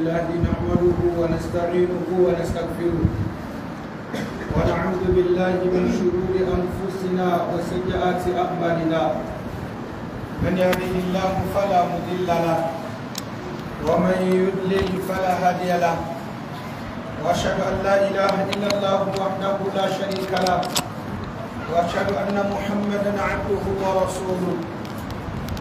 لله نحمده ونستعينه ونستغفره ونعوذ بالله من شرور أنفسنا وسيئات أعمالنا من يهده الله فلا مضل له ومن يضلل فلا هادي له واشهد ان لا اله الا الله وحده لا شريك له واشهد ان محمدا عبده ورسوله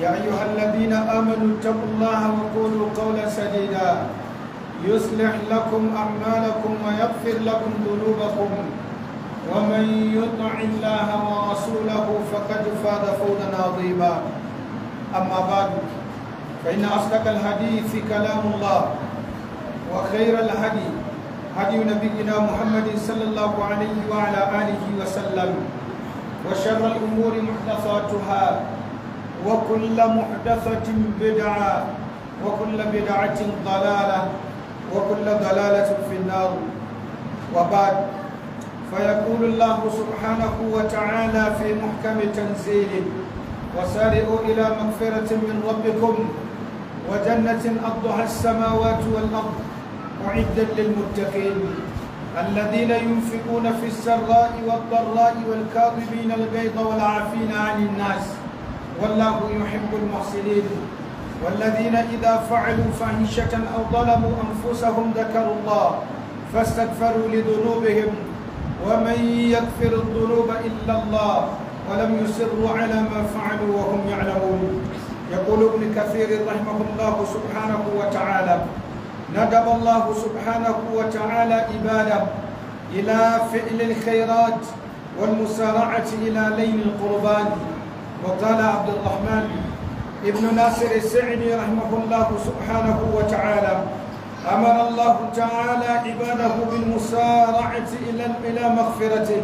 يا أيها الذين آمنوا اتقوا الله وقولوا قولا سديدا يصلح لكم أعمالكم ويغفر لكم ذنوبكم ومن يطع الله ورسوله فقد فاز فوزا عظيما أما بعد فإن أصدق الحديث كلام الله وخير الهدي هدي نبينا محمد صلى الله عليه وعلى آله وسلم وشر الأمور محدثاتها وكل محدثة بدعة وكل بدعة ضلالة وكل ضلالة في النار وبعد فيقول الله سبحانه وتعالى في محكم تنزيله وسارئوا إلى مغفرة من ربكم وجنة أرضها السماوات والأرض أعدت للمتقين الذين ينفقون في السراء والضراء والكاظمين الغيظ والعافين عن الناس والله يحب المحسنين والذين إذا فعلوا فاحشة أو ظلموا أنفسهم ذكروا الله فاستغفروا لذنوبهم ومن يغفر الذنوب إلا الله ولم يصروا على ما فعلوا وهم يعلمون يقول ابن كثير رحمه الله سبحانه وتعالى ندب الله سبحانه وتعالى عباده إلى فعل الخيرات والمسارعة إلى لين القربان وقال عبد الرحمن ابن ناصر السعدي رحمه الله سبحانه وتعالى أمر الله تعالى عباده بالمسارعة إلى مغفرته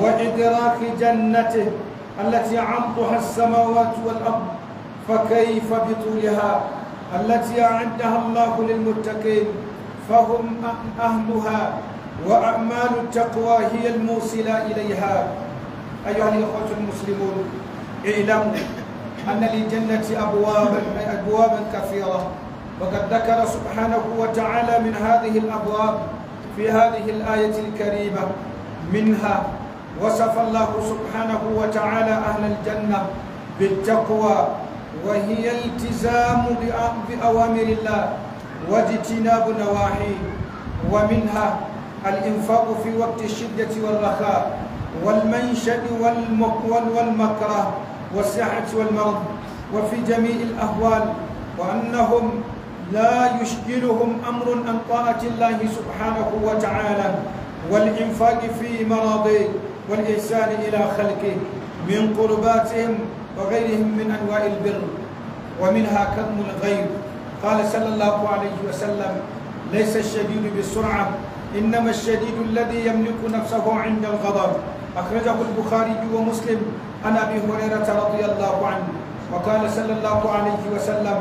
وإدراك جنته التي عرضها السماوات والأرض فكيف بطولها التي أعدها الله للمتقين فهم أهلها وأعمال التقوى هي الموصلة إليها أيها الإخوة المسلمون اعلموا أن للجنة أبوابا أبوابا كثيرة وقد ذكر سبحانه وتعالى من هذه الأبواب في هذه الآية الكريمة منها وصف الله سبحانه وتعالى أهل الجنة بالتقوى وهي التزام بأوامر الله واجتناب نواحي ومنها الإنفاق في وقت الشدة والرخاء والمنشد والمكره والسعة والمرض وفي جميع الأهوال وأنهم لا يشكلهم أمر عن طاعة الله سبحانه وتعالى والإنفاق في مرضه والإحسان إلى خلقه من قرباتهم وغيرهم من أنواع البر ومنها كظم الغيب قال صلى الله عليه وسلم ليس الشديد بالسرعة إنما الشديد الذي يملك نفسه عند الغضب أخرجه البخاري ومسلم عن ابي هريره رضي الله عنه وقال صلى الله عليه وسلم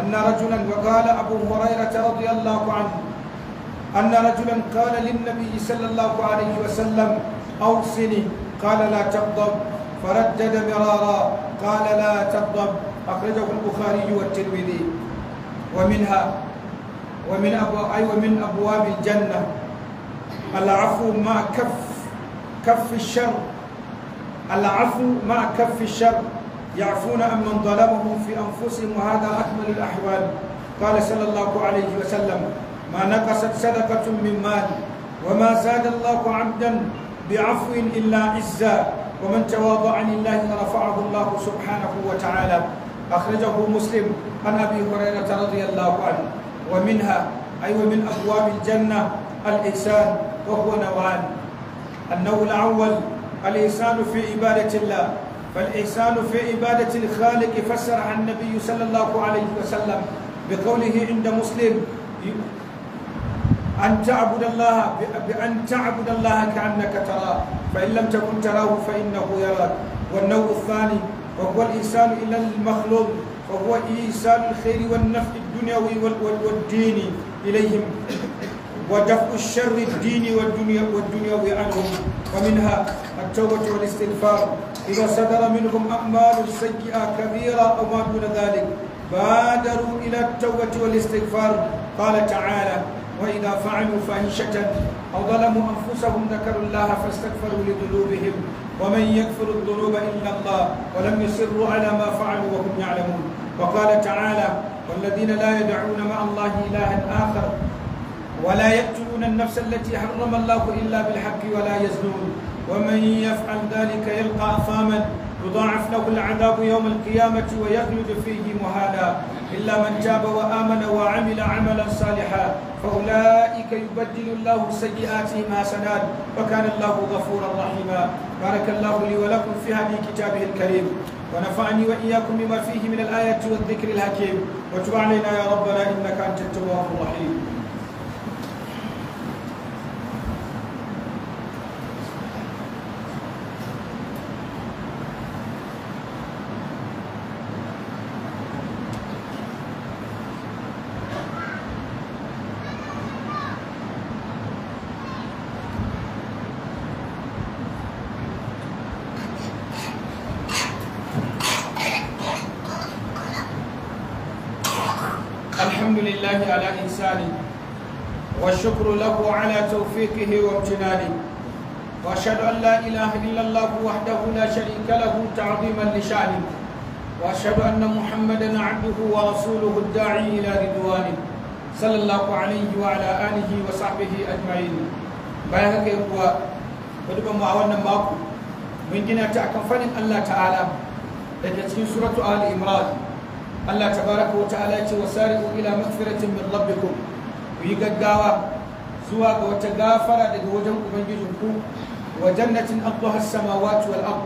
ان رجلا وقال ابو هريره رضي الله عنه ان رجلا قال للنبي صلى الله عليه وسلم اوصني قال لا تغضب فردد مرارا قال لا تغضب اخرجه البخاري والترمذي ومنها ومن أبو أي ومن أبواب الجنة العفو مع كف كف الشر العفو مع كف الشر يعفون عمن ظلمهم في انفسهم وهذا اكمل الاحوال قال صلى الله عليه وسلم ما نقصت صدقه من مال وما زاد الله عبدا بعفو الا عزا ومن تواضع لله رفعه الله سبحانه وتعالى اخرجه مسلم عن ابي هريره رضي الله عنه ومنها اي أيوة ومن ابواب الجنه الاحسان وهو نوعان النوع الاول الإحسان في عبادة الله فالإحسان في عبادة الخالق فسرها النبي صلى الله عليه وسلم بقوله عند مسلم أن تعبد الله بأن تعبد الله كأنك تراه فإن لم تكن تراه فإنه يراك والنوع الثاني وهو الإحسان إلى المخلوق وهو إيسان الخير والنفع الدنيوي والديني إليهم ودفع الشر الديني والدنيوي عنهم ومنها التوبة والاستغفار إذا صدر منهم أعمال سيئة كبيرة أو ما دون ذلك بادروا إلى التوبة والاستغفار قال تعالى وإذا فعلوا فاحشة أو ظلموا أنفسهم ذكروا الله فاستغفروا لذنوبهم ومن يغفر الذنوب إلا الله ولم يصروا على ما فعلوا وهم يعلمون وقال تعالى والذين لا يدعون مع الله إلها آخر ولا يقتلون النفس التي حرم الله إلا بالحق ولا يزنون ومن يفعل ذلك يلقى أثاما يضاعف له العذاب يوم القيامة ويخلد فيه مهانا إلا من تاب وآمن وعمل عملا صالحا فأولئك يبدل الله سيئاتهم حسنات وكان الله غفورا رحيما بارك الله لي ولكم في هذه كتابه الكريم ونفعني وإياكم بما فيه من الآيات والذكر الحكيم وتب علينا يا ربنا إنك أنت التواب الرحيم الحمد لله على إنسانه والشكر له على توفيقه وامتنانه وأشهد أن لا إله إلا الله وحده لا شريك له تعظيما لشأنه وأشهد أن محمدا عبده ورسوله الداعي إلى رضوانه صلى الله عليه وعلى آله وصحبه أجمعين بارك الله ودبا معاونا ماكو من جنة أكفان الله تعالى لجتين سورة آل إمران Allah tabaraka wa ta'ala ce wa sari'u ila magfiratin min rabbikum ku yi gaggawa zuwa ga wata gafara daga wajen ubangijin ku wa jannatin aqdaha as-samawati wal ard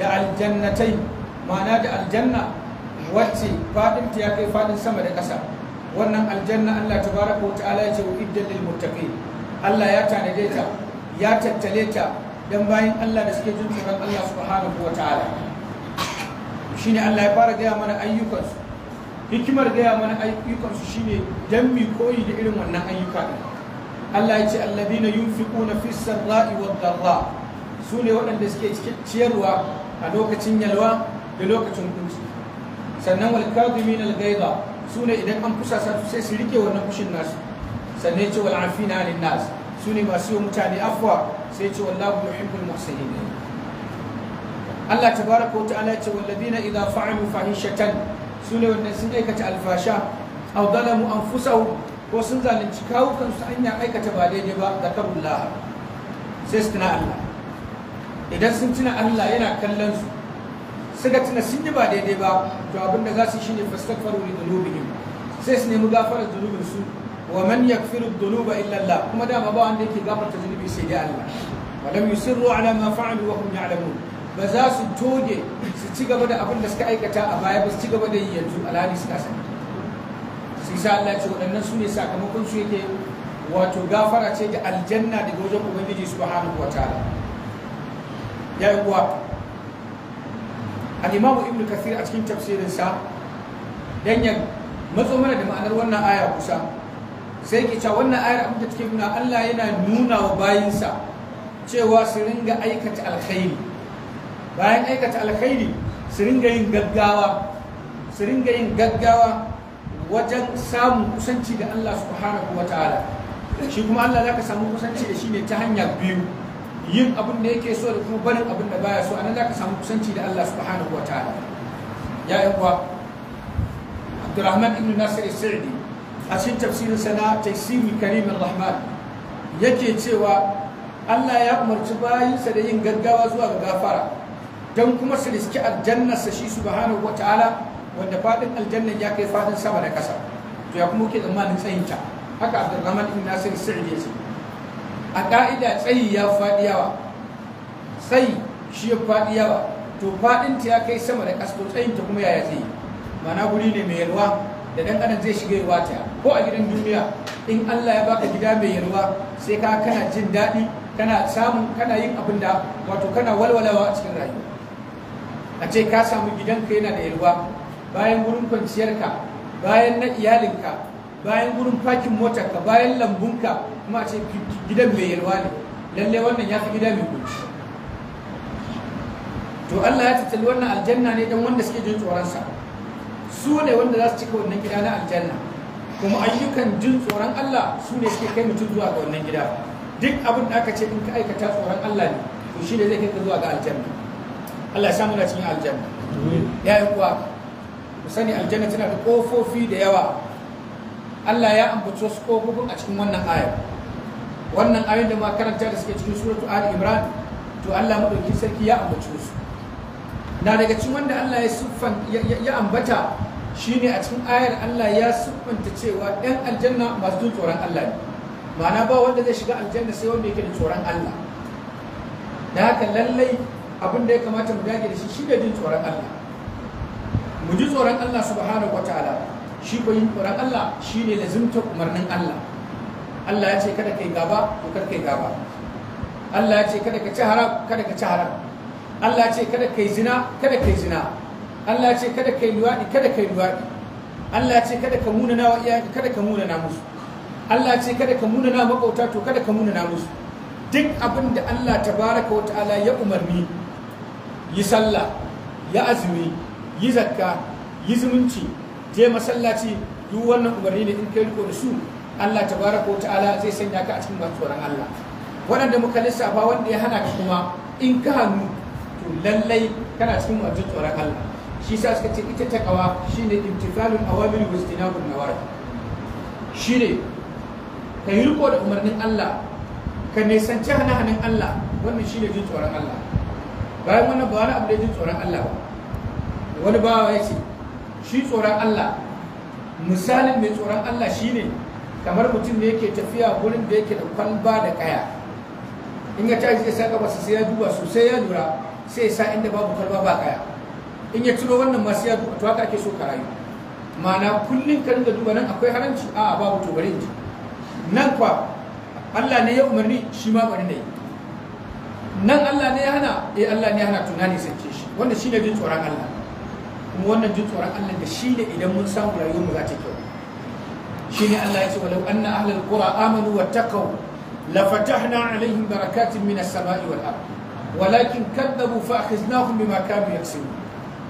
da aljannatai ma'ana da aljanna wacce fadin ta ya kai fadin sama da ƙasa wannan aljanna Allah tabaraka wa ta'ala ya ce wa iddan lil muttaqin Allah ya tanade ta ya tattale ta dan bayan Allah da suke jin tsoron Allah subhanahu wa ta'ala shine Allah ya fara gaya mana ayyukansu hikimar gaya mana ayyukansu shine dan mi koyi da irin wannan ayyuka din Allah ya ce alladina yunfiquna fis sarra'i wad darra su ne waɗanda suke cikin ciyarwa a lokacin yalwa da lokacin kunci sannan wal kadhimin al ghaiza su ne idan an kusasa su sai su rike wannan kushin nasu sannan ce wal afina lin nas su ne masu yi mutane afwa sai ce wallahu yuhibbul muhsinin Allah tabaraka wa ta'ala ya ce ladina idza fa'alu fahishatan su ne wanda sun aikata alfasha aw an fusau, ko sun zalunci kawukansu su aikata ba daidai ba zakarullah sai su tuna Allah idan sun tuna Allah yana kallon su suka tuna sun yi ba daidai ba to abin da za su shine fastaghfiru li dhunubihim sai su nemi gafarar zunubin su wa man yaghfiru dhunuba illa Allah kuma dama ba wanda yake gafarta zunubi sai dai Allah wa lam yusirru ala ma fa'alu wa hum ya'lamun ba za su toge su ci gaba da abin da suka aikata a baya ba su ci gaba da yi yanzu alhali suna sani sai sa Allah ce waɗannan su ne sakamakon su yake wato gafara ce da aljanna daga wajen ubangiji subhanahu wa ta'ala ya yi kuwa al-imamu ibnu kathir a cikin tafsirinsa dan ya matso mana da ma'anar wannan aya kusa sai ke cewa wannan ayar abin da take nuna Allah yana nuna wa bayinsa cewa su ringa aikata alkhairi bayan aikata alkhairi su ringa yin gaggawa su ringa yin gaggawa wajen samun kusanci da Allah subhanahu wa ta'ala shi kuma Allah zaka samu kusanci da shi ne ta hanya biyu yin abin da yake so da kuma barin abin da baya so anan zaka samu kusanci da Allah subhanahu wa ta'ala ya yi kuwa Abdurrahman ibn Nasir Sa'di a cikin tafsirin sana Taysimi Karim Rahman yake cewa Allah ya umarci bayinsa da yin gaggawa zuwa ga gafara don kuma su riski aljannarsa shi subhanahu wata'ala wanda faɗin aljannan ya kai faɗin sama da ƙasa to ya kuma ke tsammanin tsayinta haka abdurrahman da nasir sa'id ya ce a ƙa'ida tsayi ya faɗi yawa tsayi shi ya faɗi yawa to faɗinta ya kai sama da ƙasa to tsayinta kuma yaya yi mana guri ne mai yalwa da ɗan adam zai shiga yalwa ta ko a gidan duniya in Allah ya baka gida mai yalwa sai ka kana jin daɗi kana samun kana yin abin da wato kana walwalawa a cikin rayuwa a ce ka samu gidanka yana da yalwa bayan gurin kwanciyarka bayan na iyalinka bayan gurin fakin motarka bayan lambunka kuma a ce gidan mai yalwa ne lalle wannan ya fi gida mai kunci to Allah ya tattali wannan aljanna ne don wanda suke jin tsoronsa su ne wanda za su cika wannan gida na aljanna kuma ayyukan jin tsoron Allah su ne suke kai mutum zuwa ga wannan gida duk abin da aka ce in ka aikata tsoron Allah ne to shi ne zai kai ka zuwa ga aljanna Allah ya samu na cikin aljanna ya yi kuwa ku sani aljanna tana da kofofi da yawa Allah ya ambace su kofofin a cikin wannan ayar wannan ayar da makaranta da suke cikin suratu ali imran to Allah madauki sarki ya ambace su na daga cikin wanda Allah ya siffan ya ambata shine a cikin ayar Allah ya siffanta cewa ɗan aljanna masu jin tsoron Allah ne ma'ana ba wanda zai shiga aljanna sai wanda yake da tsoron Allah da haka lallai abin da ya kamata mu dage da shi shi da jin tsoron Allah mu ji tsoron Allah subhanahu wataala shi ko yin tsoron Allah shi ne lazimta umarnin Allah Allah ya ce kada kai gaba ko kada kai gaba Allah ya ce kada ka ci haram kada ka ci haram Allah ya ce kada kai zina kada kai zina Allah ya ce kada kai luwadi kada kai luwadi Allah ya ce kada ka muna wa iyaye kada ka na musu Allah ya ce kada ka na makauta to kada ka na musu duk abin da Allah tabaraka wa ta'ala ya umarni yi sallah ya azumi yi zakka yi zumunci je masallaci duk wannan umarni ne in kai riko da su Allah tabaraka wa ta'ala zai sanya ka a cikin masu tsoron Allah waɗanda muka lissafa wanda ya hana ka kuma in ka hannu to lallai kana cikin masu tsoron Allah shi sa suka ce ita takawa shine imtifalul awamir wa istinabun nawar ne ka yi riko da umarnin Allah ka nisanci hana-hanin Allah wannan ne jin tsoron Allah bayan wannan ba wani abu da ji tsoron Allah ba wani bawa ya ce shi tsoron Allah misalin mai tsoron Allah shi ne kamar mutum ne yake tafiya wurin da yake da kwalba da kaya in ya caji ya saka masa sai ya duba sosai ya lura sai ya sa inda babu kwalba ba kaya in ya ciro wannan masu ya duba to haka ake so ka rayu ma'ana kullum ka dinga duba nan akwai haranci a babu to bari nan kwa Allah ne ya umarni shi ma bari ne. nan Allah ne ya hana eh Allah ne ya hana tunani sake shi wannan shine jin tsoron Allah kuma wannan jin tsoron Allah da shine idan mun samu rayuwar mu za ta kyau shine Allah ya ce walau anna ahlal qura amanu wattaqu lafatahna alaihim barakatin minas sama'i wal ard walakin kadzabu fa akhadnahum bima kanu yaksibun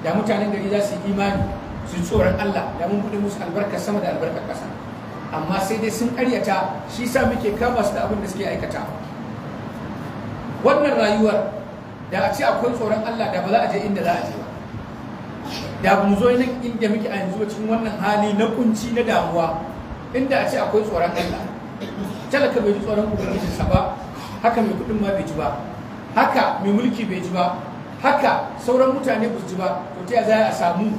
da mutanen gari za su yi imani su tsoron Allah da mun bude musu albarka sama da albarka kasa amma sai dai sun karyata shi sa muke kama su da abin da suke aikata wannan rayuwar da a ce akwai tsoron Allah da ba za a je inda za a je ba da mu zo nan inda muke a yanzu cikin wannan hali na kunci na damuwa inda a ce akwai tsoron Allah talaka bai ji tsoron sa ba haka mai kudin ma bai ji ba haka mai mulki bai ji ba haka sauran mutane ba su ji ba to ta za a samu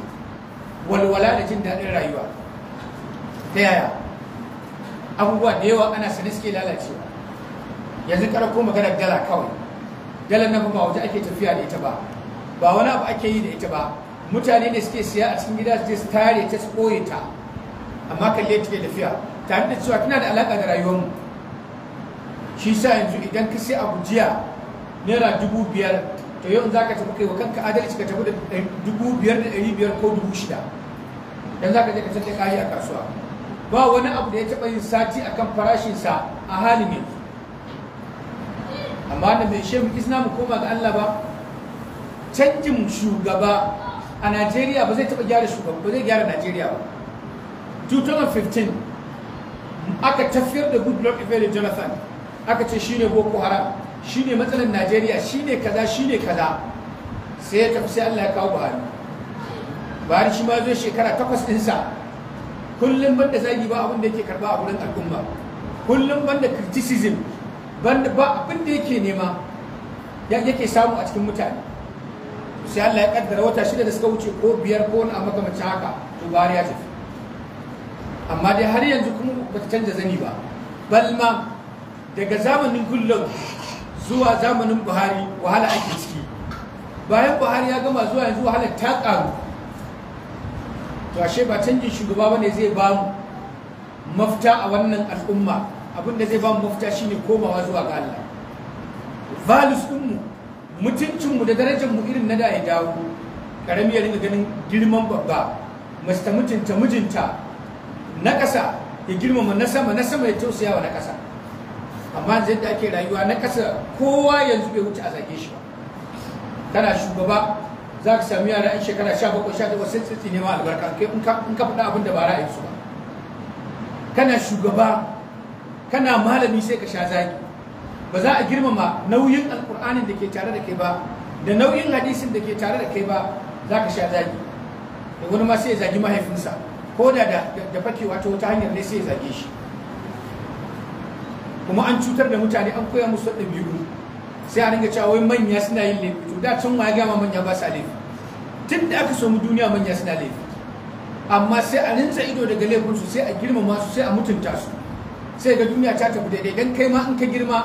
walwala da jin daɗin rayuwa ta yaya abubuwa da yawa ana sane suke lalacewa yanzu kar ko magana dala kawai dala na kuma waje ake tafiya da ita ba ba wani abu ake yi da ita ba mutane ne suke siya a cikin gida su je su tare ta su koye ta amma kalle take tafiya tare da cewa tana da alaka da rayuwar mu. shi sa yanzu idan ka sai abu jiya naira dubu biyar to yau za ka tafi kai wa kanka adalci ka tafi da dubu biyar da ɗari biyar ko dubu shida dan za ka je ka tattaka a kasuwa ba wani abu da ya taɓa yin sati akan farashinsa a halin yanzu amma da mai she mu izina mu koma ga Allah ba canjin shugaba a Najeriya ba zai taɓa gyara shugaba ba zai gyara Najeriya ba 2015 aka tafiyar da Goodluck Ebele Jonathan aka ce shine Boko Haram shine matsalar Najeriya shine kaza shine kaza sai ya tafi sai Allah ya kawo Buhari Buhari shi ma zai shekara takwas ɗinsa kullum banda zagi ba abin da yake karba a wurin al'umma kullum banda criticism ba abin da yake nema yake samu a cikin mutane sai Allah ya kaddara wata shida da suka wuce ko biyar ko wani a mace haka to bari ya tafi amma dai har yanzu kuma ba ta canza zani ba balma daga zamanin gullon zuwa zamanin buhari wahala ake ciki bayan buhari ya gama zuwa yanzu wahala ta karu to ashe ba canjin shugaba bane zai ba mu mafita a wannan al'umma abin da zai ba mu mafita shine komawa zuwa ga Allah values dinmu mutuncinmu da darajarmu irin na da ya dawo ƙaramiya ya rinka ganin girman babba mace ta mutunta mijinta na ƙasa ya girmama na sama na sama ya tausaya wa na ƙasa amma zai da ake rayuwa na ƙasa kowa yanzu bai wuce a zage shi ba kana shugaba za ka sami yara 'yan shekara 17 18 sai tsitsi ne ma albarka in ka faɗa abin da ba ra'ayinsu ba kana shugaba kana malami sai ka sha zaki ba za a girmama nauyin alkur'anin da ke tare da kai ba da nauyin hadisin da ke tare da kai ba za ka sha zagi da wani ma sai ya zagi mahaifinsa ko da da fake wata wata hanyar ne sai ya zage shi kuma an cutar da mutane an koya musu biyu sai a ringa cewa wai manya suna yin laifi to da can ma gama manya ba sa laifi tun da aka somi duniya manya suna laifi amma sai a rinsa ido daga laifinsu sai a girmama su sai a mutunta su sai ga duniya ta tafi daidai dan kai ma in ka girma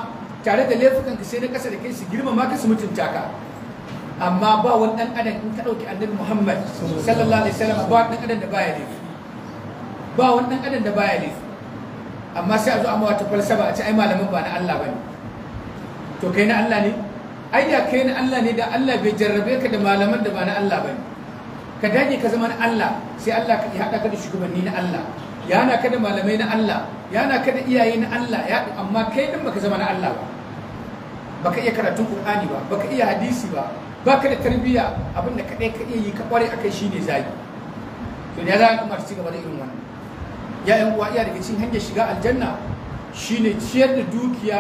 tare da laifukan ka sai na kasa da kai su girma ma ka su mutunta ka amma ba wani dan adam in ka dauki annabi Muhammad sallallahu alaihi wasallam ba wani dan adam da baya ne ba wani dan adam da baya ne. amma sai a zo amma wata falsafa a ce ai malamin ba na Allah bane to kai na Allah ne ai da kai na Allah ne da Allah bai jarrabe ka da malaman da ba na Allah bane ka dage ka zama na Allah sai Allah ya haɗa ka da shugabanni na Allah ya na ka da malamai na Allah yana kada iyaye na Allah ya amma kai din baka zama na Allah ba baka iya karatun Qur'ani ba baka iya hadisi ba baka da tarbiyya abinda ka kadai ka iya yi ka kware akai shine zagi to ya zaka ka kamar ci gaba da irin wannan ya yan uwa iya daga cikin hanyar shiga aljanna shine ciyar da dukiya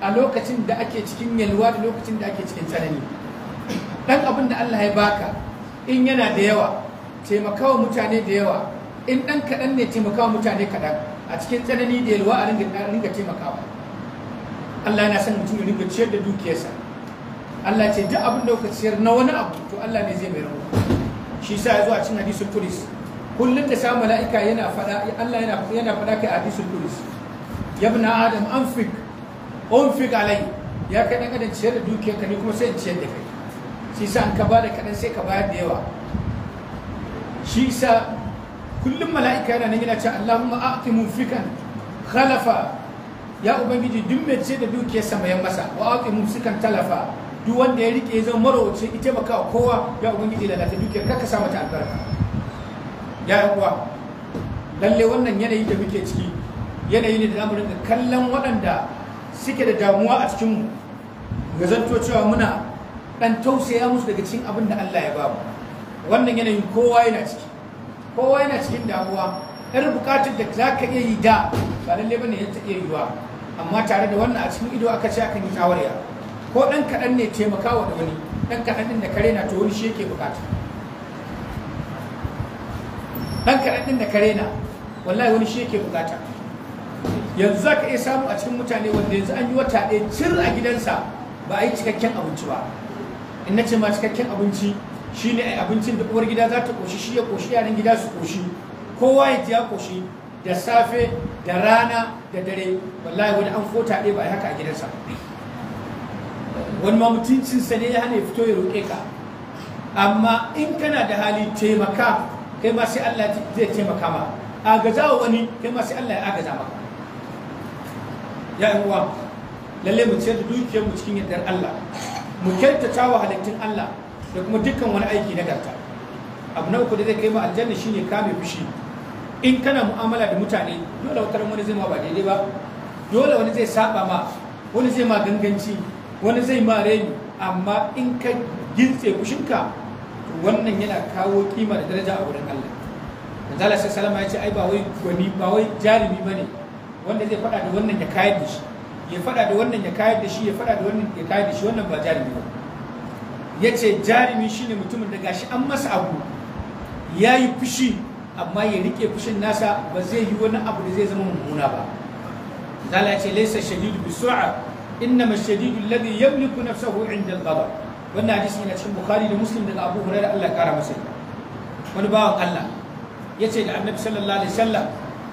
a lokacin da ake cikin yalwa da lokacin da ake cikin tsanani dan abin da Allah ya baka in yana da yawa taimakawa mutane da yawa in dan kaɗan ne taimakawa mutane kaɗan a cikin tsanani da yalwa a ringa taimakawa Allah yana son mutum ya ringa ciyar da dukiyarsa Allah ce duk abin da kuka ciyar na wani abu to Allah ne zai mai rawa shi sa ya zo a cikin hadisul qudus kullum da sa mala'ika yana fada Allah yana yana fada kai hadisul qudus ya ibn adam anfik unfik alai ya kai dan ciyar da dukiyarka ne kuma sai in ciyar da kai shi sa an ka bada kadan sai ka bayar da yawa shi sa kullum mala'ika yana nan yana ce Allahumma a'ti mufikan khalafa ya ubangiji duk mai ce da duk ya sama masa wa a'ti mufikan talafa duk wanda ya rike zan mara marauci ita baka kowa ya ubangiji lalata ya kaka sa mata albarka ya kuwa lalle wannan yanayi da muke ciki yanayi ne da zamu rinka kallon waɗanda suke da damuwa a cikin mu ga zanto cewa muna dan tausaya musu daga cikin abin da Allah ya ba mu wannan yanayin kowa yana ciki kowa yana cikin damuwa yar bukatar da za ka iya yi da ba lallai ne yanta iya yiwa amma tare da wannan a cikin ido aka ce akan yi tsawarya ko ɗan kaɗan ne wa da wani ɗan kaɗan ɗin da kare na to wani shi yake bukata ɗan kaɗan ɗin da kare na wallahi wani shi yake bukata yanzu za ka iya samu a cikin mutane wanda yanzu an yi wata ɗaya cir a gidansa ba a yi cikakken abinci ba in na ce ma cikakken abinci shi ne abincin da uwar gida za ta ƙoshi shi ya ƙoshi yaran gida su ƙoshi kowa ya ya ƙoshi da safe da rana da dare wallahi wani an fota ɗaya ba haka a gidansa wani ma cin ne ya hana ya fito ya roƙe ka amma in kana da hali taimaka kai ma sai Allah zai taimaka ma agaza wa wani kai ma sai Allah ya agaza maka ya uwa lalle mu ciyar da dukiyar mu cikin yardar Allah mu kyautata wa halittun Allah da kuma dukkan wani aiki na karta abu na uku da zai kai mu aljanna shine kame fushi in kana mu'amala da mutane dole wata wani zai ma ba daidai ba dole wani zai saba ma wani zai ma ganganci wani zai ma reni amma in ka gintse fushinka to wannan yana kawo kima da daraja a wurin Allah dan Allah sai salama ya ce ai ba wai gwani ba wai jarumi bane wanda zai fada da wannan ya kayar da shi ya fada da wannan ya kayar da shi ya fada da wannan ya kayar da shi wannan ba jarumi ba ya ce jarumi shine mutumin da gashi an masa abu ya yi fushi amma ya rike fushin nasa ba zai yi wani abu da zai zama mummuna ba zala ya ce laisa shadidu bi su'a innama shadidu alladhi yamliku nafsahu inda al-ghadab wannan hadisi yana cikin bukhari da muslim daga abu hurairah Allah ya kara masa wani bawan Allah ya ce da annabi sallallahu alaihi wasallam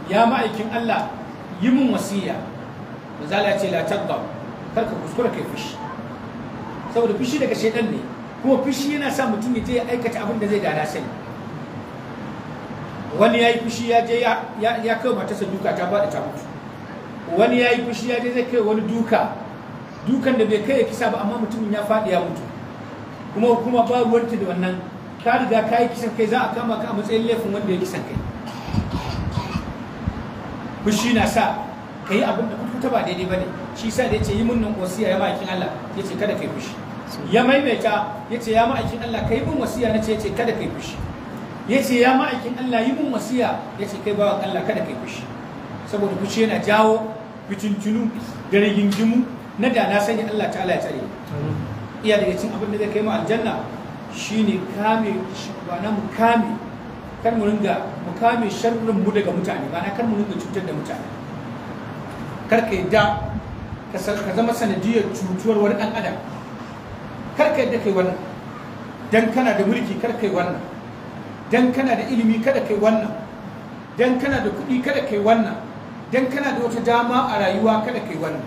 ya ma'aikin Allah yi min wasiya manzala ya ce la taghdab karka kuskura kai fushi saboda fushi daga shaidan ne kuma fushi yana sa mutum ya je ya aikata abin da zai dada sani wani ya yi fushi ya je ya kai matarsa duka ta bada ta mutu wani ya yi fushi ya je zai kai wani duka dukan da bai kai ya kisa ba amma mutumin ya faɗi ya mutu kuma kuma ba ruwanta da wannan ka riga ka yi kisan kai za a kama ka a matsayin laifin wanda ya kisan kai fushi na sa ka yi abin da kuka ba daidai ba ne shi sa da ya ce yi min nan ya ma'aikin Allah ya ce kada ka yi fushi ya maimaita ya ce ya ma'aikin Allah ka yi min wasiya na ce ya ce kada ka yi fushi ya ce ya ma'aikin Allah yi min wasiya ya ce kai bawan Allah kada ka yi fushi saboda fushi yana jawo fitintunu da rigingimu na da na sanya Allah ta'ala ya tsare iya daga cin abin da zai kai mu aljanna shine kame ba na mu kame kar mu ringa mu kame sharrin mu daga mutane ba na kar mu ringa cutar da mutane kar ka yadda ka zama sanadiyar cutuwar wani dan adam kar ka yadda kai wannan dan kana da mulki kar kai wannan dan kana da ilimi kada kai wannan dan kana da kuɗi kada kai wannan dan kana da wata dama a rayuwa kada kai wannan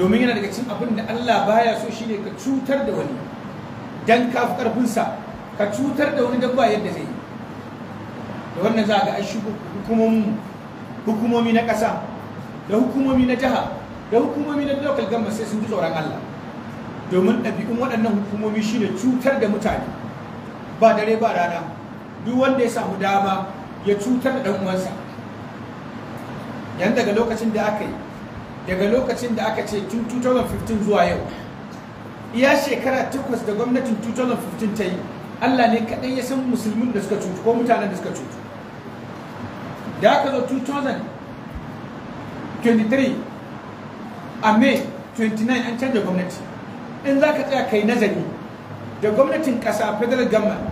domin yana daga cikin abin da Allah baya so shine ka cutar da wani dan ka fi karfinsa ka cutar da wani dabba yadda zai da wannan za ga ai hukumomi hukumomi na ƙasa da hukumomi na jiha da hukumomi na local government sai sun ji tsoron Allah domin ɗabi'un waɗannan hukumomi shine cutar da mutane ba dare ba rana duk wanda ya samu dama ya cutar da ɗan uwansa yan daga lokacin da aka yi daga lokacin da aka ce tun 2015 zuwa yau iya shekara takwas da gwamnatin 2015 ta yi allah ne kaɗai ya san musulmin da suka cutu ko mutanen da suka cutu da aka zo 2023 a may 29 an canza gwamnati in za ka tsaya ka yi nazari da gwamnatin ƙasa federal government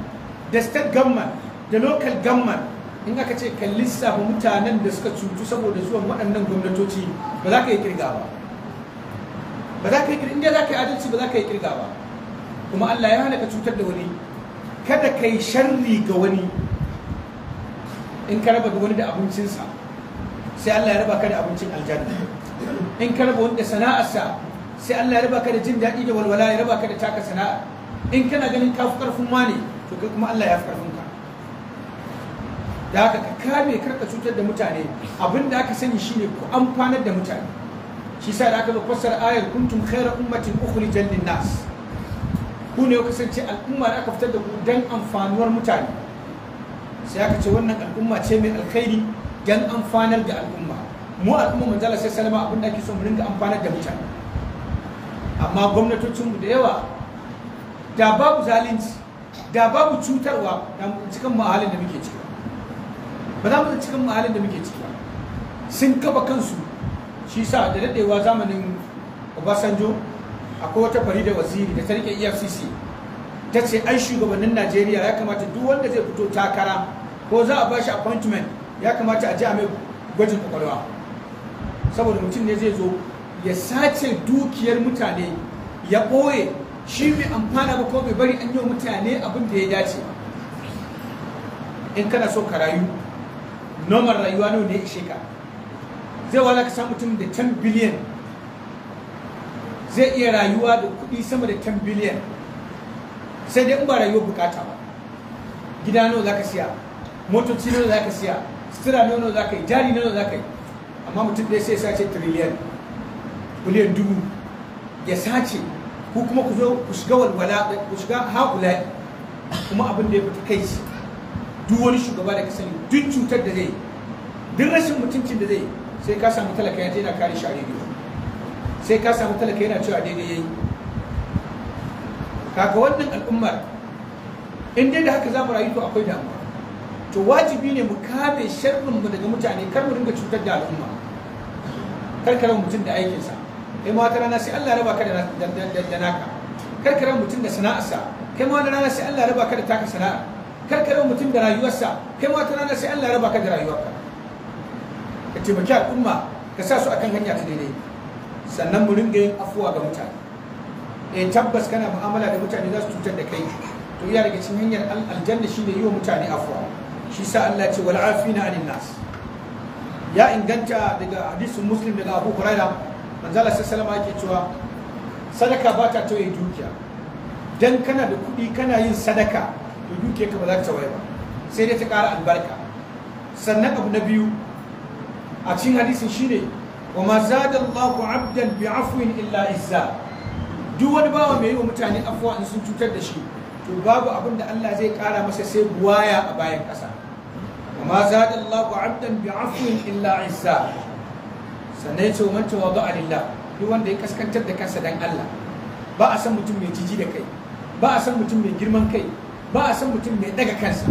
da state government da local government in aka ce ka lissafa mutanen da suka cutu saboda zuwan waɗannan gwamnatoci ba za ka yi kirga ba ba za ka yi kirga za ka yi adalci ba za ka yi kirga ba kuma Allah ya hana ka cutar da wani kada ka yi sharri ga wani in ka raba da wani da abincinsa sai Allah ya raba ka da abincin aljanna in ka raba wani da sana'arsa sai Allah ya raba ka da jin daɗi da walwala ya raba ka da taka sana'a in kana ganin ka fi ƙarfin wane to kai kuma Allah ya fi ƙarfin ka da haka ka kame karka cutar da mutane abin da aka sani shine ku amfanar da mutane shi sa da aka zo fassara ayar kuntum khayra ummatin ukhrijat lin-nas ku ne kasance al'umma da aka fitar da ku dan amfanuwar mutane sai aka ce wannan al'umma ce mai alkhairi dan amfanar da al'umma mu al'umma manzala sai salama abin da ake so mu ringa amfanar da mutane amma gwamnatocinmu da yawa da babu zalunci da babu cutarwa da cikin mahalin da muke ciki ba za mu da cikin mahalin da muke ciki sun kafa kansu shi sa da daɗewa zamanin obasanjo akwai wata fari da waziri da ta rike efcc ta ce ai shugabannin najeriya ya kamata duk wanda zai fito takara ko za a bashi appointment ya kamata a ji a mai gwajin kwakwalwa saboda mutum ne zai zo ya sace dukiyar mutane ya ɓoye shi mai amfana ba ko bai bari an yi wa mutane abin da ya dace ba in kana so ka rayu Noman rayuwa nawa ne ishe ka zai wala ka mutum da 10 biliyan zai iya rayuwa da kuɗi sama da 10 biliyan sai dai in ba rayuwa bukata ba gida nawa za ka siya motoci nawa za ka siya Sitira nawa za ka yi jari nawa za ka yi amma mutum ɗaya sai sace tiriliyan miliyan dubu ya sace ko kuma ku zo ku shiga walwala ku shiga haƙula kuma abin da ya fita kai shi duk wani shugaba da ka sani duk cutar da zai duk rashin mutuncin da zai sai ka samu talaka ya je na kare shi a rediyo sai ka samu talaka yana cewa daidai yayi kaga wannan al'ummar in dai da haka za mu rayu to akwai damuwa to wajibi ne mu kame sharrin mu daga mutane kar mu dinga cutar da al'umma kar mutum da aikinsa kai ma wata rana sai Allah raba ka da naka kar ka mutum da sana'arsa kai ma wata rana sai Allah raba ka da taka sana'a kar ka mutum da rayuwarsa kai ma wata rana sai Allah raba ka da rayuwarka ka ce baki al'umma ka sa su akan hanya ta daidai sannan mu ringa yin afuwa ga mutane eh tabbas kana mu'amala da mutane za su cutar da kai to iya daga cikin hanyar aljanna shine yi wa mutane afuwa shi sa Allah ce wal afina anin nas ya inganta daga hadisin muslim daga Abu Hurairah manzala salama yake cewa sadaka ba ta tauye dukiya dan kana da kuɗi kana yin sadaka to dukiya ka ba za ta tawaye ba sai dai ta ƙara albarka sannan abu na biyu a cikin hadisin shine wa ma zada Allahu abdan bi afwin illa izza duk wani bawa mai yi wa mutane afwa in sun cutar da shi to babu abin da Allah zai kara masa sai buwaya a bayan ƙasa wa ma zada Allahu abdan bi afwin illa izza sannan ya ce man tawadu alillah duk wanda ya kaskantar da kansa dan Allah ba a san mutum mai jiji da kai ba a san mutum mai girman kai ba a san mutum mai daga kansa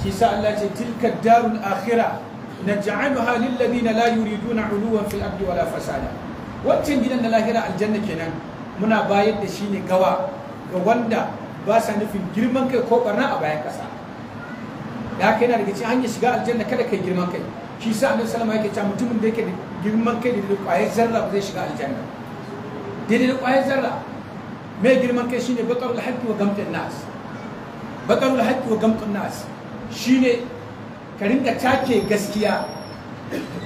shi sa Allah ce tilka darul akhirah naj'aluha lil ladina la yuriduna uluwan fil ardi wala fasada wancan gidan da lahira aljanna kenan muna bayar da shi ne gawa ga wanda ba sa nufin girman kai ko barna a bayan kasa da haka yana daga cikin hanyar shiga aljanna kada kai girman kai shi sa annabi sallama yake cewa mutumin da yake da girman kai da kwayar zarra ba zai shiga aljanna daidai da kwayar zarra mai girman kai shine bakarul haqqi wa gamtun nas bakarul haqqi wa gamtun nas shine ka rinka take gaskiya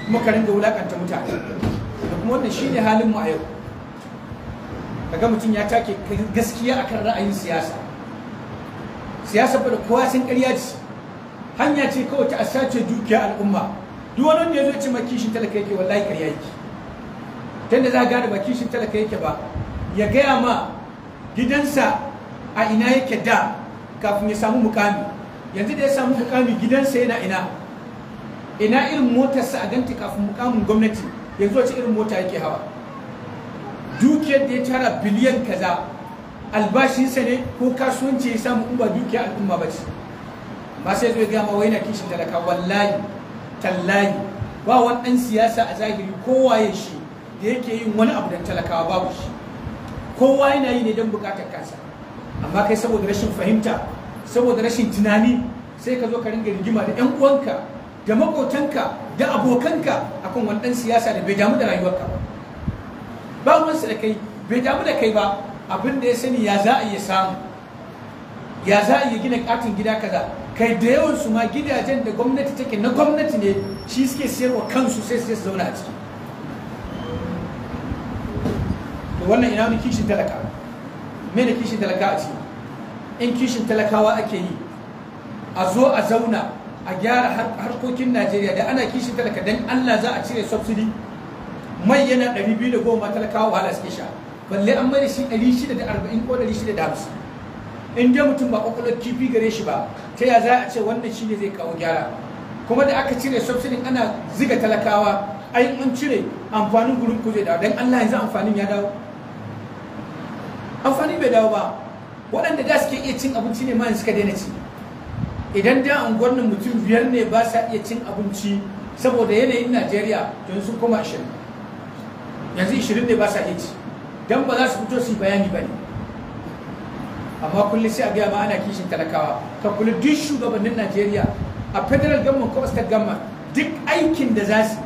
kuma ka rinka wulakanta mutane da kuma wannan shine halin mu a yau kaga mutum ya take gaskiya akan ra'ayin siyasa siyasa ba da kowa sun ƙarya ce hanya ce kawai ta asace dukiya al'umma duk wani da ya zo ci makishin talaka yake wallahi ƙarya yake tun da za a gane makishin talaka yake ba ya gaya ma gidansa a ina yake da kafin ya samu mukami yanzu da ya samu mukami gidansa yana ina ina irin motarsa a ganta kafin mukamin gwamnati zo ci irin mota yake hawa dukiyar da ya tara biliyan kaza albashinsa ne ko kasuwanci ya samu in ba dukiyar al'umma ba ce Ba sai zo ya gama wai kishin talaka wallahi tallahi ba wani ɗan siyasa a zahiri kowa ya shi da yake yin wani abu don talakawa babu shi kowa yana yi ne don buƙatar kansa amma kai saboda rashin fahimta saboda rashin tunani sai ka zo ka ringa rigima da 'yan uwanka da makotanka da abokanka akan wani ɗan siyasa da bai damu da rayuwarka ba Ba wansu da kai bai damu da kai ba abin da ya sani ya za a yi samu ya za a iya gina katin gida kaza kai da yawan su ma gidajen da gwamnati take na gwamnati ne shi suke siyarwa kansu sai su zauna a ciki to wannan ina wani kishin talaka me da kishin talaka a ciki in kishin talakawa ake yi a zo a zauna a gyara harkokin najeriya da ana kishin talaka don allah za a cire subsidy mai yana 210 talakawa wahala suke sha balle an mai da shi 640 ko 650 in dai mutum ba kwakwalwar kifi gare shi ba ta ya za a ce wannan shi ne zai kawo gyara kuma da aka cire subsidy ana ziga talakawa a yi an cire amfanin gurin ku zai dawo don allah yanzu amfanin ya dawo amfani bai dawo ba waɗanda da suke iya cin abinci ne ma yanzu suka daina ci idan da unguwar mutum biyar ne ba sa iya cin abinci saboda yanayin najeriya don sun koma ashirin yanzu ashirin ne ba sa iya ci don ba za su fito su yi bayani ba ne amma kullum sai a gaya ma ana kishin talakawa ka kula duk shugabannin najeriya a federal government ko state government duk aikin da za su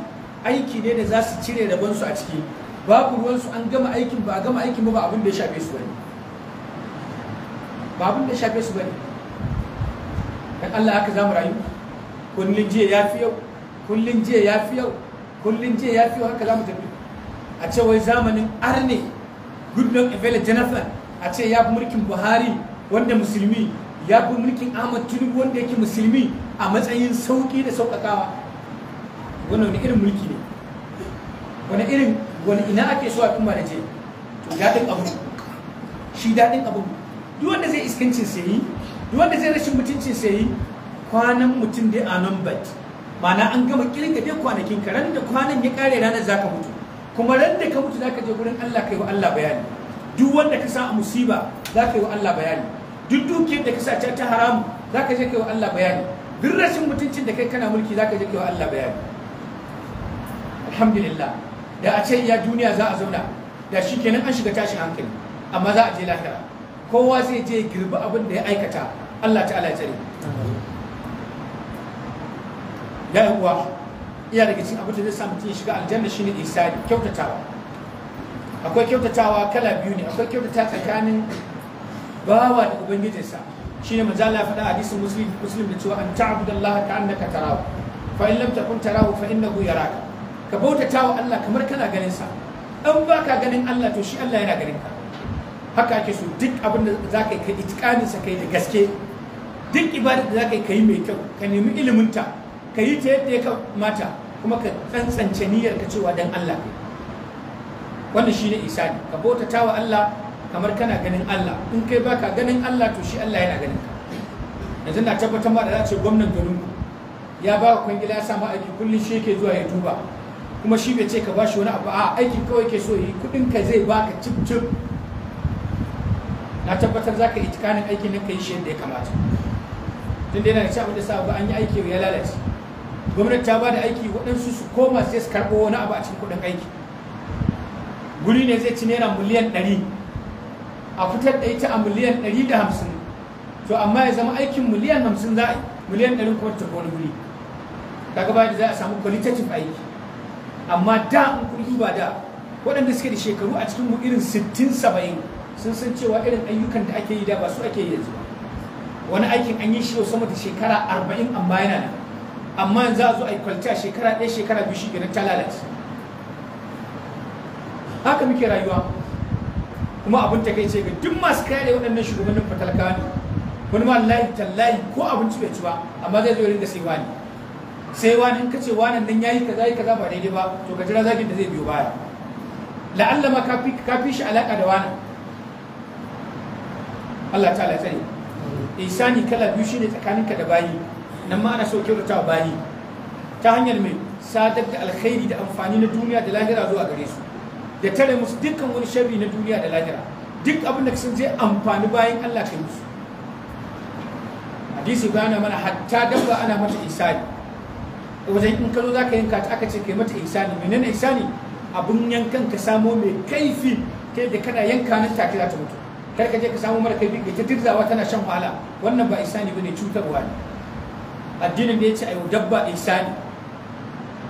aiki ne da za su cire rabonsu a ciki babu ruwansu an gama aikin ba a gama aikin ba ba abin da ya shafe su bane ba abin da ya shafe su bane dan Allah haka zamu rayu kullun jiya ya fi yau kullun jiya ya fi yau kullun jiya ya fi yau haka zamu tafi a ce wai zamanin arne goodluck ebele jennifer a ce ya fi mulkin buhari wanda musulmi ya fi mulkin ahmad tinubu wanda yake musulmi a matsayin sauƙi da sauƙaƙawa wani wani irin mulki ne wani irin wani ina ake so a kuma da je to daɗin abu shi daɗin abu duk wanda zai iskancin sayi duk wanda zai rashin mutuncin sayi kwanan mutum dai a nan bat ma'ana an gama kirga dai kwanakin ka ran da kwanan ya kare ranar zaka mutu kuma ran da ka mutu zaka je gurin Allah kai wa Allah bayani duk wanda ka sa a musiba za ka yi wa Allah bayani duk dukiyar da ka sa ta haramu za ka je ka yi wa Allah bayani duk rashin mutuncin da kai kana mulki za ka je ka yi wa Allah bayani alhamdulillah da a ce ya duniya za a zauna da shi kenan an shiga tashin hankali amma za a je lahira kowa zai je girbi abin da ya aikata Allah ta'ala ya tsare ya uwa iya daga cikin abin da zai sa mutum ya shiga aljanna shine isani kyautatawa akwai kyautatawa kala biyu ne akwai kyautata tsakanin bawa da ubangijinsa shine ne Allah ya faɗa hadisin muslim muslim da cewa an ta'budallaha ka'annaka tarahu fa in lam takun tarahu fa innahu yaraka ka wa Allah kamar kana ganin sa in baka ganin Allah to shi Allah yana ganin ka haka ake so duk abinda da yi ka sa kai da gaske duk ibadar da za ka yi ka mai kyau ka nemi iliminta ka yi ta yadda ya kamata kuma ka tsantsance niyyar ka cewa dan Allah ne wannan shine isani ka bautata wa Allah kamar kana ganin Allah in kai baka ganin Allah to shi Allah yana ganin ka yanzu na tabbatar ma da za a ce gwamnan garin ya ba kwangila ya sa ma aiki kullum shi yake zuwa ya duba kuma shi bai ce ka ba shi wani abu a aiki kawai ke so yi kudin ka zai baka cip cip na tabbatar za ka yi tikanin aikin nan ka yi shi yadda ya kamata tun da yana da ci abin da sa an yi aiki ya lalace gwamnati ta ba da aiki waɗansu su koma sai su karɓo wani abu a cikin kuɗin aiki guri ne zai ci naira miliyan ɗari a fitar da ita a miliyan ɗari da hamsin to amma ya zama aikin miliyan hamsin za a miliyan 100 kuma ta wani guri daga bayan za a samu kwalitatif aiki amma da in kun duba da waɗanda suke da shekaru a cikin irin sittin 70 sun san cewa irin ayyukan da ake yi da ba su ake yi yanzu wani aikin an yi shi yau sama da shekara arba'in amma yana nan amma yanzu a zo a yi kwalta shekara ɗaya shekara biyu shi ta lalace haka muke rayuwa kuma abin ta kai ce ga duk masu kare waɗannan shugabannin fatalka ne wani ma layi tallahi ko abinci bai ci ba amma zai zo ringa sai wani sai wani in ka ce wani nan yayi kaza yi kaza ba daidai ba to ka jira zagin da zai biyo baya la'alla ma ka fi shi alaka da wani Allah ta'ala tsare ihsani kala biyu shine tsakaninka da bayi nan ma ana so kyautata bayi ta hanyar mai sadar da alkhairi da amfani na duniya da lahira zuwa gare su Da tare musu dukkan wani sharri na duniya da lahira duk abin da kasan zai amfani bayan Allah ka musu hadisi bayana mana hatta dabba ana mata isani wajen in za zaka yanka ta aka ce kai mata isani menene isani abun yankan ka samo mai kaifi kai da kana yanka nan take za ta mutu kar ka je ka samo mara kaifi ta dirzawa tana shan wahala wannan ba isani bane cutarwa ne addinin da ya ce ayo dabba isani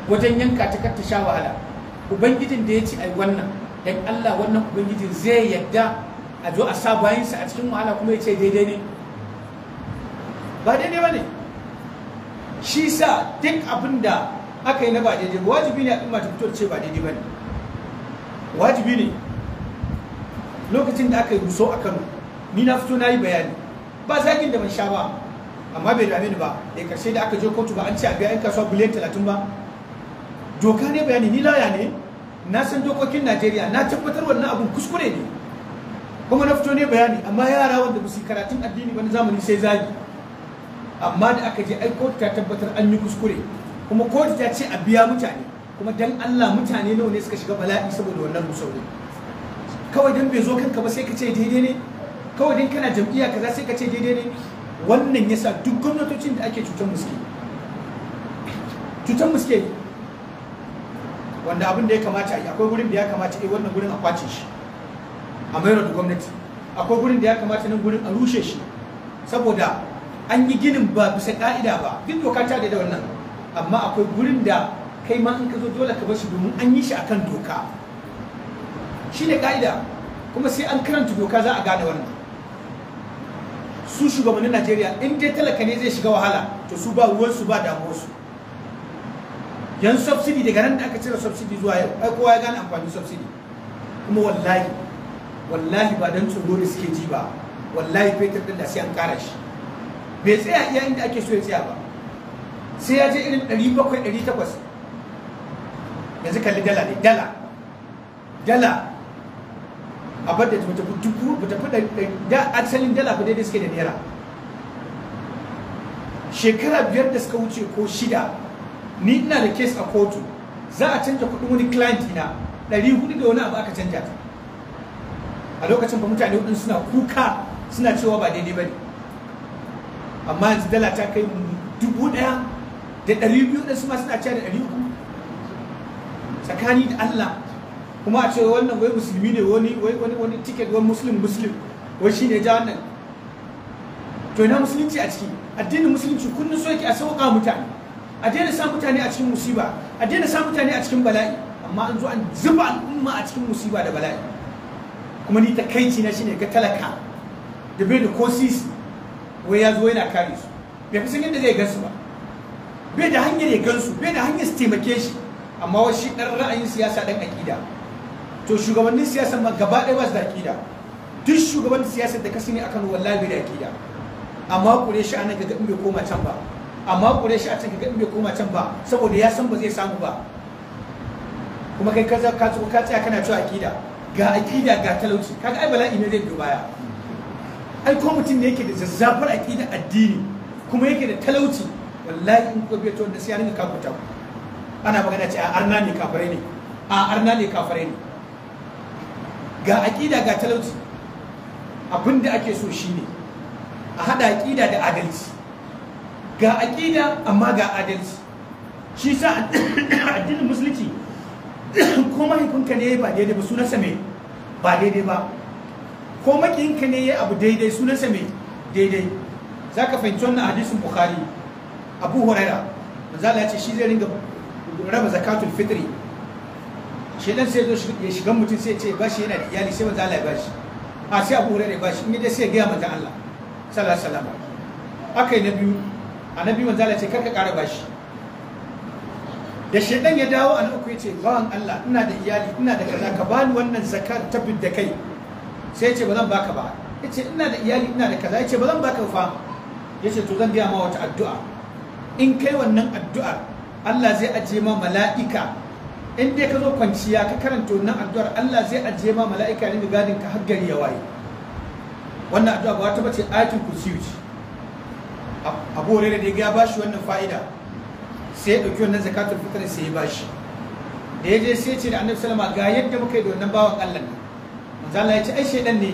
wajen yanka ta kar ta sha wahala ubangijin da ya ci ai wannan dan Allah wannan ubangijin zai yadda a zo a sa bayansa a cikin wahala kuma ya ce daidai ne ba daidai ba ne shi sa duk abin da aka yi na ba daidai wajibi ne a ɗin mata fito ce ba daidai ba ne wajibi ne lokacin da aka yi guso a kano ni na fito na yi bayani ba zagin da ban sha ba amma bai dame ni ba da karshe da aka je kotu ba an ce a biya 'yan kasuwa biliyan talatin ba doka ne bayani ni laya ne na san dokokin najeriya na tabbatar wannan abun kuskure ne kuma na fito ne bayani amma yara wanda ba su karatun addini wani zamani sai zagi amma da aka je ai ta tabbatar an yi kuskure kuma kotu ta ce a biya mutane kuma dan allah mutane nawa ne suka shiga bala'i saboda wannan musauri kawai dan bai zo kanka ba sai ka ce daidai ne kawai dan kana jam'iyya kaza sai ka ce daidai ne wannan yasa duk gwamnatocin da ake cutar muske cutar muske wanda abin da ya kamata a yi akwai gurin da ya kamata a eh, wannan gurin a kwace shi a mayar da gwamnati akwai gurin da ya kamata nan gurin a rushe shi saboda an yi ginin ba bisa ka'ida ba duk doka ta da wannan amma akwai gurin da kai ma in ka dole ka bar shi domin an yi shi akan doka shine ka'ida kuma sai an karanta doka za a gane wannan su shugabannin Najeriya in dai talaka ne zai shiga wahala to su ba ruwansu ba damuwarsu yan subsidi daga nan da aka cire subsidi zuwa yau ai kowa ya gane amfanin subsidi kuma wallahi wallahi ba dan tsoro da suke ji ba wallahi fetur din da sai an kara shi bai tsaya iya inda ake so ya tsaya ba sai ya je irin 700 yanzu kalli dala ne dala dala a bar da ta fi dubu ba ta fi da asalin dala ba daidai suke da naira shekara biyar da suka wuce ko shida ni ina da case a kotu za a canja kuɗin wani client ina ɗari hudu da wani abu aka canja ta a lokacin ba mutane hudun suna kuka suna cewa ba daidai ba ne amma yanzu dala ta kai dubu ɗaya da ɗari biyu da su ma suna cewa da ɗari uku tsakani da Allah kuma a cewa wannan wai musulmi ne wani wani wani ticket wani muslim muslim wai shine ja wannan to ina musulunci a ciki addinin musulunci kunnu so yake a sauƙa mutane a daina sa mutane a cikin musiba a daina sa mutane a cikin bala'i amma an zo an zuba al'umma a cikin musiba da bala'i kuma ni ta kai na shine ga talaka da bai da ko sisi wai ya zo yana kare su bai fi san yadda zai gansu ba bai da hanyar ya gansu bai da hanyar su taimake shi amma shi ɗan ra'ayin siyasa ɗan aƙida to shugabannin siyasa ma gaba ɗaya ba su da aƙida duk shugabannin siyasa da ka sani akan wallahi bai da aƙida amma kure shi anan ga bai koma can ba amma kure shi a cikin gaɗin bai koma can ba saboda ya san ba zai samu ba kuma kai ka ka ka tsaya kana cewa akida ga akida ga talauci kaga ai bala'i ne zai biyo baya ai ko mutum ne yake da zazzafar akida addini kuma yake da talauci wallahi in ko bai to da sai an ka kuta ana magana cewa a arna ne kafare ne a arna ne kafare ne ga akida ga talauci abinda ake so shine a hada akida da adalci ga aƙida amma ga adalci shi sa addinin musulunci ko mahaifinka ne ba daidai ba sunansa mai ba daidai ba ko makiyinka ne ya abu daidai sunansa mai daidai za ka fahimci wannan hadisin bukhari abu huraira manzala ya ce shi zai ringa raba zakatul fitri shi dan sai zo ya shiga mutum sai ce ba shi yana da iyali sai manzala ya ba shi a sai abu huraira ya ba shi in dai sai ya gaya manzan allah sallallahu alaihi wasallam aka yi na biyu annabi manzo Allah ce karka kara bashi da shedan ya dawo an uku yace bawan Allah ina da iyali ina da kaza ka bani wannan zakar ta da kai sai yace ba zan baka ba yace ina da iyali ina da kaza yace ba zan baka fa yace to zan biya ma wata addu'a in kai wannan addu'ar Allah zai aje ma mala'ika in dai ka zo kwanciya ka karanta wannan addu'ar Allah zai aje ma mala'ika ne gadin ka har ya waye wannan addu'a ba wata bace ayatul kursiyu ce abu hore da ya bashi wannan fa'ida sai ya ɗauki wannan zakatul fitr sai ya bashi da ya je sai ce da annabi sallama ga yadda muka yi da wannan bawan Allah ne manzo Allah ya ce ai shedan ne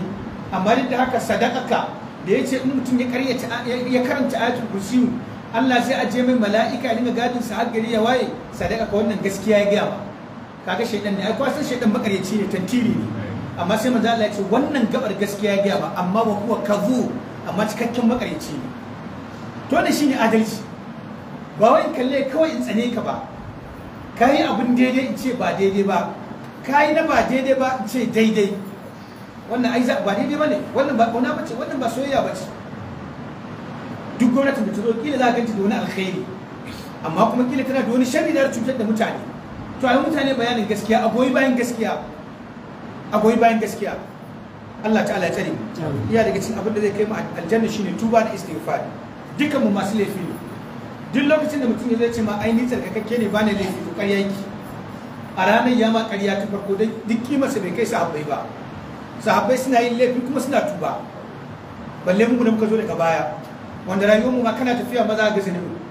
amma da haka sadaqaka da ya ce in mutum ya karyata ya karanta ayatul kursi Allah sai a je mai mala'ika ne gadin sa har gari ya waye sadaqaka wannan gaskiya ya gaya ba kaga shaidan ne ai san shedan makaryaci ne tantiri ne amma sai manzo Allah ya ce wannan gabar gaskiya ya gaya ba amma wa kuwa kazu amma cikakken makaryaci ne to shine adalci ba wai kalle kawai in tsane ka ba ka yi abin daidai in ce ba daidai ba ka yi na ba daidai ba in ce daidai wannan ai ba daidai ba ne wannan ba ƙauna bace wannan ba soyayya ba duk gwamnatin da ta zo kila za a ganci da wani alkhairi amma kuma kila tana da wani sharri da cutar da mutane to a yi mutane bayanin gaskiya a goyi bayan gaskiya a goyi bayan gaskiya Allah ta'ala ya tsare iya daga cikin abin da zai kai mu aljanna shine tuba da istighfar Dukkan mu masu laifi ne duk lokacin da mutum ya zai ce ma ainihin tsarkakakke ne ba ne laifi to karya yake a ranar ya ma karya ta farko dai duk kimarsa bai kai sahabbai ba sahabbai suna yin laifi kuma suna tuba balle mu da muka zo daga baya wanda rayuwar mu ma kana tafiya maza ga zinubi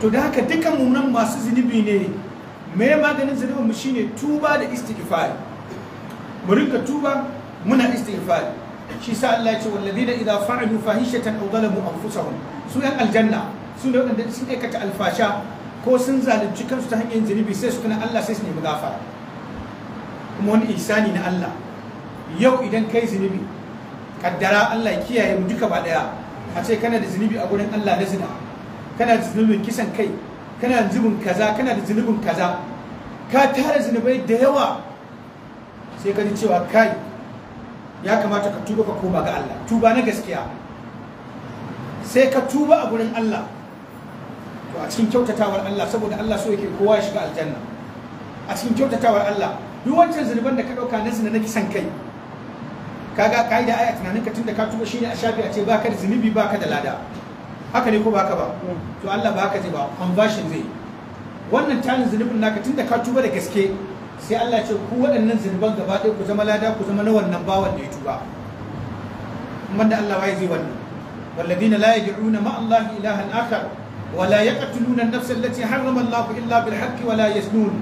to da haka dukan mu nan masu zinubi ne me maganin zunubin mu shine tuba da istighfar mu rinka tuba muna istighfar shi sa Allah ya ce walladina idza fa'alu fahishatan aw zalamu anfusahum su yan aljanna su ne wadanda sun aikata alfasha ko sun zalunci kansu ta hanyar zunubi sai su kana Allah sai su nemi gafara kuma wani ihsani na Allah yau idan kai zunubi kaddara Allah ya kiyaye mu duka ba daya a ce kana da zunubi a gurin Allah na zina kana da zunubin kisan kai kana da zunubin kaza kana da zunubin kaza ka tara zunubai da yawa sai ka ji cewa kai ya kamata ka tuba ka koma ga Allah tuba na gaskiya sai ka tuba a gurin Allah to a cikin kyautatawar Allah saboda Allah so yake kowa ya shiga aljanna a cikin kyautatawar Allah duk wancan zunuban da ka dauka na zina na kisan kai kaga kaida ai a tunanin ka tunda ka tuba shine a shafi a ce baka da zunubi baka da lada haka ne ko baka ba mm. to Allah baka ji ba conversion zai wannan tanin zunubin naka tunda ka tuba da gaske sai Allah ce ku waɗannan zunuban gaba ɗaya ku zama lada ku zama na wannan bawan da ya tuba man da Allah wai zai wannan walladina la yad'una ma Allah ilahan akhar wa la yaqtuluna an-nafs allati harrama Allah illa bil haqqi wa la yasnun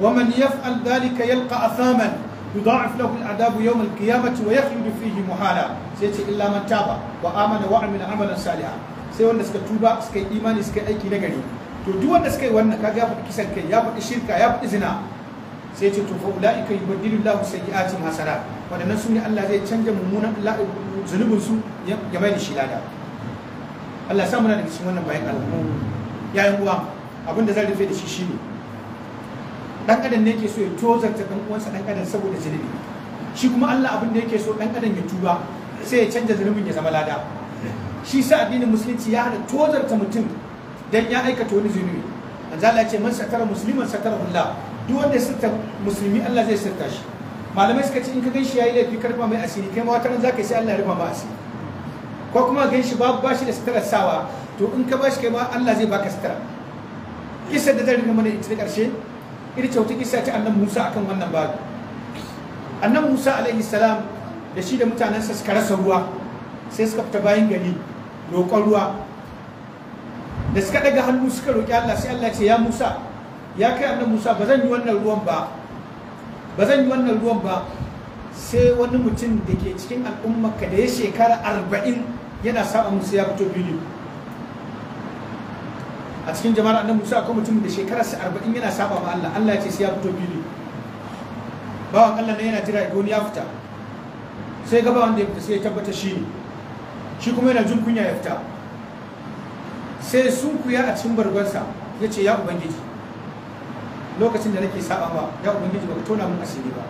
wa man yaf'al dhalika yalqa athaman يضاعف له العذاب يوم muhala. sai فيه illa man إلا wa amana wa وعمل عملا صالحا sai wanda suka tuba suka yi imani suka yi aiki na gari to duk wanda suka yi wannan kaga ya faɗi kisan kai ya faɗi shirka ya faɗi zina sai ce to fa ulaika yubaddilu Allahu sayyi'atihim hasana wadannan waɗannan suni Allah zai canja mummunan zunubin su ya mai da shi lada Allah sa muna da cikin wannan bayan Allah yayin uwa abinda zan rufe da shi shine dan adam ne yake so ya tozarta dan uwansa dan adam saboda zunubi shi kuma Allah abinda da yake so dan adam ya tuba sai ya canja zunubin ya zama lada shi sa addinin musulunci ya hada tozarta mutum dan ya aikata wani zunubi manzo Allah ya ce man satara musliman satara Allah duk wanda sirta musulmi Allah zai sirta shi malamai suka ce in ka gan shi yi laifi karfa mai asiri kai ma za ka yi sai Allah ya rufa ma asiri ko kuma gan shi babu bashi da sitarar sawa to in ka bashi kai ma Allah zai baka sitara kisa da zan mana ita da karshe ita ce wata kisa ta annabi Musa akan wannan babu annabi Musa alaihi salam da shi da mutanensa suka rasa ruwa sai suka fita bayan gari roƙon ruwa da suka daga hannu suka roƙi Allah sai Allah ce ya Musa ya kai annabi Musa ba zan yi wannan ruwan ba ba zan yi wannan ruwan ba sai wani mutum da ke cikin al'ummarka da ya shekara arba'in yana saba musu ya fito fili a cikin jama'ar annabi Musa akwai mutum da shekararsa arba'in yana saba ma Allah Allah ya ce sai ya fito fili bawan Allah ne yana jira wani ya fita sai gaba wanda ya fita sai ya tabbata shi ne shi kuma yana jin kunya ya fita sai sun kuya a cikin bargonsa ya ce ya ubangiji lokacin da nake saba ba ya ubangiji baka tona mun asiri ba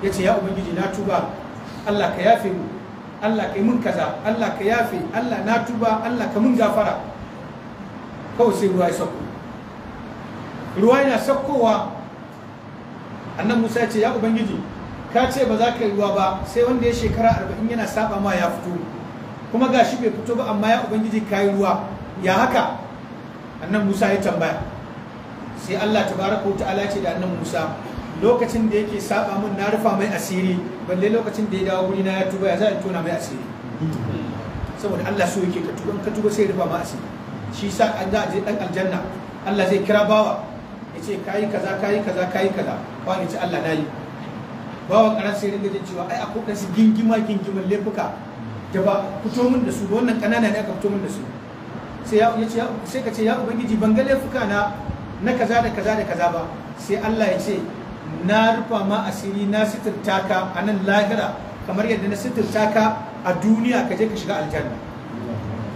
yace ya ubangiji na tuba Allah ka yafe mu Allah ka yi mun kaza Allah ka yafe Allah na tuba Allah ka mun gafara kawai sai ruwa ya sako ruwa yana sakowa annan Musa ya ce ya ubangiji ka ce ba za ka yi ruwa ba sai wanda ya shekara arba'in yana saba ma ya fito kuma gashi bai fito ba amma ya ubangiji ka yi ruwa ya haka annan Musa ya tambaya sai Allah tabaraka ta'ala ce da annabi Musa lokacin da yake saba mun na rufa mai asiri balle lokacin da ya dawo guri na ya tuba ya zai tona mai asiri saboda Allah so yake ka tuba ka tuba sai rufa ma asiri shi sa an za a je dan aljanna Allah zai kira bawa ya ce kayi kaza kayi kaza kayi kaza ba ya ce Allah na yi karan sai ringa jin cewa ai akwai kasu gingima gingiman laifuka da ba fito min da su wannan kanana ne aka fito min da su sai ya ce sai ka ce ya ubangiji ban ga laifuka na na kaza da kaza da kaza ba sai Allah ya ce na rufa ma asiri na sitirta ka a nan lahira kamar yadda na sitirta ka a duniya ka je ka shiga aljanna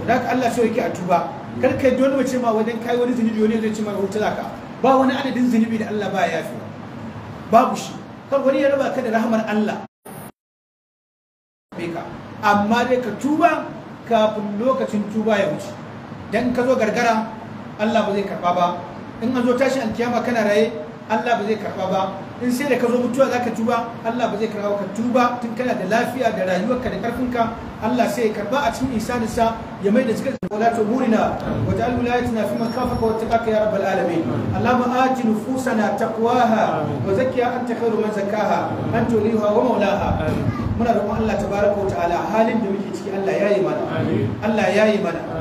da ka Allah sai yake a tuba kar kai don mace ma wajen kai wani zunubi wani zai ce ma hutu zaka ba wani adadin zunubi da Allah ba ya yafi babu shi kar wani ya raba ka da rahmar Allah amma dai ka tuba kafin lokacin tuba ya wuce dan ka zo gargara Allah ba zai karba ba in an zo tashin alkiyama kana raye Allah ba zai karba ba in sai da ka zo mutuwa zaka tuba Allah ba zai karba ka tuba tun kana da lafiya da rayuwarka da karfinka Allah sai ya karba a cikin isaninsa ya mai da cikin wala ta burina wa ta'al wilayatina fi man khafaka wattaqaka ya rabbal alamin Allahumma ati nufusana taqwaha wa zakkiha anta khairu man zakaha an waliha wa maulaha muna roƙon Allah tabaraka wa ta'ala halin da muke ciki Allah yi mana Allah yi mana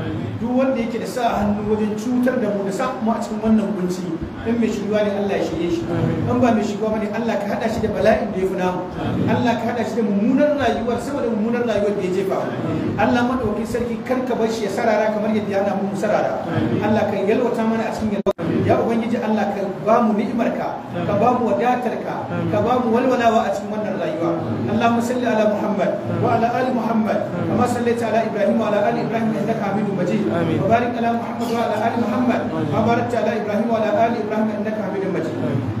duk wanda yake da sa hannu wajen cutar da mu da sa kuma a cikin wannan kunci in mai shigowa ne Allah ya shirye shi in ba mai shigowa bane Allah ka hada shi da bala'in da ya fi namu Allah ka hada shi da mummunar rayuwar sama da mummunar rayuwar da ya jefa Allah madaukakin sarki kar ka bar shi ya sarara kamar yadda ya hana mu sarara Allah ka yalwata mana a cikin ya ubangiji Allah ka ba mu ni'imarka ka ba mu wadatarka ka ba mu walwalawa a cikin wannan rayuwa Allahumma salli ala Muhammad wa ala ali Muhammad kama sallaita ala Ibrahim wa ala ali Ibrahim innaka Hamidum Majid wa barik ala Muhammad wa ala ali Muhammad kama barakta ala Ibrahim wa ala ali Ibrahim innaka Hamidum Majid